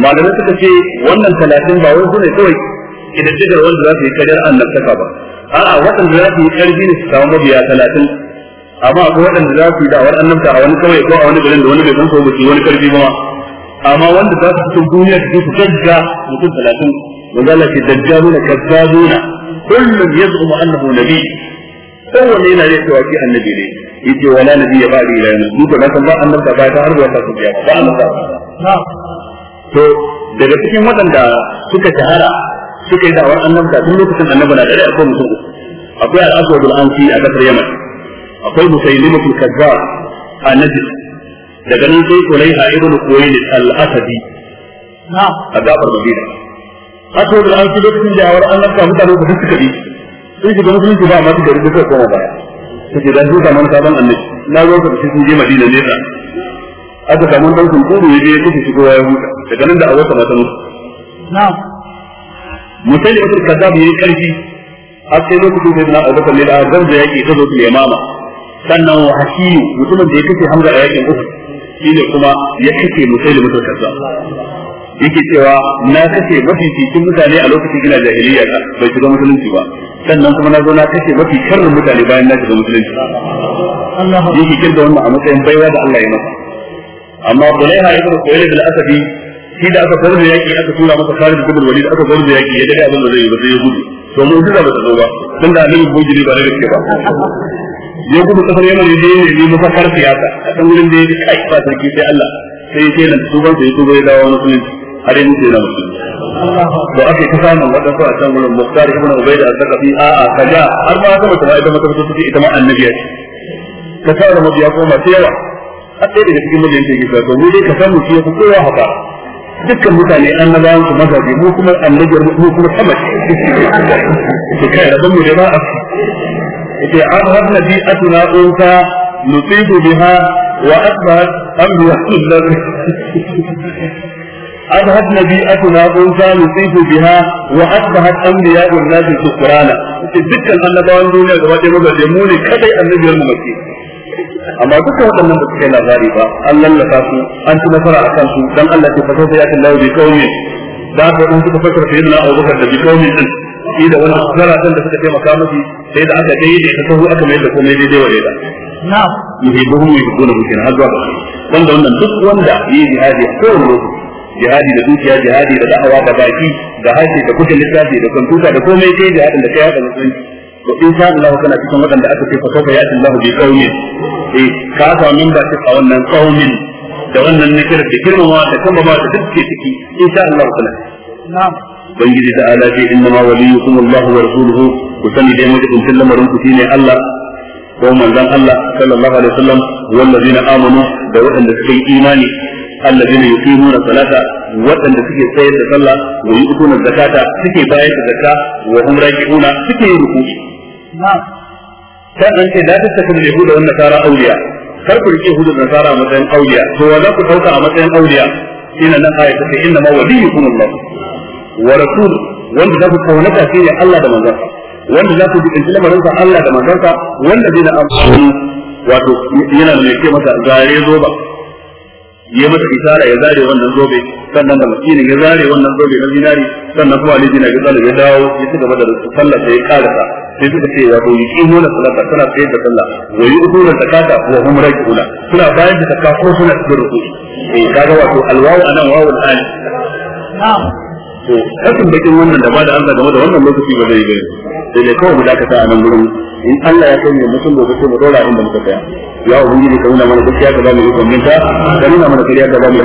malamai suka ce wannan 30 ba wai sune kawai kididdigar wanda za su yi kadar annabtaka ba a'a waɗanda za su yi ƙarfi ne su samu mabiya 30 amma akwai waɗanda za su yi da'awar annabta a wani kawai ko a wani garin da wani bai san ko ba su wani ƙarfi ba amma wanda za su cikin duniya su su gagga mutum 30 manzo Allah ce dajjaluna kazzabuna kullun yaz'umu annahu nabiy kowanne yana yin cewa shi annabi ne yake wala nabi ya bari ila yanzu duk da san ba annabi ba ta har wata su biya ba annabi to daga cikin waɗanda suka shahara suka yi da'awar annabi da tun lokacin annabi na dare akwai mutum akwai al-aswad anfi a kasar yaman akwai musaylimatu kazzab a najd daga nan sai kulai a irin al-asadi a gabar madina aswad an ansi lokacin da'awar annabi mutane ba su suka bi sai shiga musulunci ba a masu gari duka koma baya su ke dan duka mana sabon annabi na zo ka sai sun je madina nesa aka samu dan sun kuru ya je ya kashe shi ya huta daga nan da a wata mata musu na'am mutai da kazzab yayi karfi a sai lokacin da na abubakar ne da azan da yake ta zo su mama sannan wa hakiyu mutumin da ya kashe hamza a yakin uku shine kuma ya kashe mutai da mutul kazzab yake cewa na kashe mafi cikin mutane a lokacin gina jahiliya bai shiga musulunci ba sannan kuma na zo na kashe mafi sharrin mutane bayan na shiga musulunci yake kirga wannan a matsayin baiwa da Allah ya masa amma Bulaiha ibn Khuwaylid al asabi shi da aka kawar da yaki aka tura masa Khalid ibn Walid aka kawar da yaƙi ya dade abin da zai yi ba sai ya gudu to mu duka ba ta zo ba tunda Annabi Bujiri ba da gaske ba ya gudu kasar Yaman ne ne ne mafakar siyasa a kan wurin da ya kai ba sarki sai Allah sai ya ce nan tuban sai tubo ya dawo musulunci har yanzu yana musulmi ba ake ta samun waɗansu a can wurin muktar ibn ubaida az fi a a kaja har ma ta mutum ita mata mutum take ita ma annabiya ce ka sa da mabiya ko masu yawa har sai daga cikin mabiyan take ta to mu dai ka samu shi ko kowa haka dukkan mutane an na bayan su mazaje mu kuma annabiyar mu kuma sama ce kai da mu da ba a ce an hadna bi atuna unsa nusibu biha wa asbat am yahsul أظهر نبيئتنا أنثى نصيب بها وأصبحت أنبياء الناس شكرانا dukkan annabawan duniya gaba ɗaya mazaje mu ne kadai annabiyar mu mace amma dukkan waɗannan ba su kai labari ba an lallata su an ci nasara a kansu dan Allah ke fasa sai ya kan bi kaumi da aka in suka fasara sai na Abu Bakar da bi kaumi din wannan nasara din da suka taimaka miki sai da aka dai da sahu aka mai da wannan duk wanda yi jihadi kowane lokaci jihadi da dukiya jihadi da da'awa da baki da harshe da kudin littafi da kwamfuta da komai kai jihadin da kai hada musulunci to in sha Allah kana cikin waɗanda aka ce fa ya ya'ti Allah bi qaumin eh ka min ba ta wannan qaumin da wannan nikir da ma da kuma ba ta duk ciki in sha Allah kana na'am ubangiji da ala ce inna ma waliyukum Allah wa rasuluhu ku sani dai mutum sallamarin ku shine Allah ko manzon Allah sallallahu alaihi wasallam wallazina amanu da waɗanda suka yi imani alladheena yuqimuna salata waɗanda suke tsayar da sallah wa yu'tuna zakata suke bayar da zakka wa hum raki'una suke yin ruku'i sannan ce da ta tafi wannan tsara auliya kar ku rike hudu da tsara a matsayin auliya to wa ku a matsayin auliya ina nan wanda za ku kaunata shi ne Allah da manzansa wanda za ku bi in lamarin Allah da manzansa wanda zai na amfani wato yana da ke masa gare zo ba ya masa isara ya zare wannan zobe sannan da miskinin ya zare wannan zobe na zinari sannan kuma jina na gizali ya dawo ya ci gaba da sallah sai ya karasa sai suka ce ya koyi kimo na salata suna sayar da sallah wa yi uku da zakata wa hum rakiuna suna bayar da zakka ko suna cikin rukuni eh kaga wato alwawu anan wawul ali to kasan bakin wannan da ba da an game da wannan lokaci ba zai yi sai dai kawai mu dakata a nan gurin in Allah ya sanya mutum gobe sai mu dora inda muka tsaya ya ubangiji ka nuna mana gaskiya ka zamu yi kwamminta ka nuna mana kariya ka zamu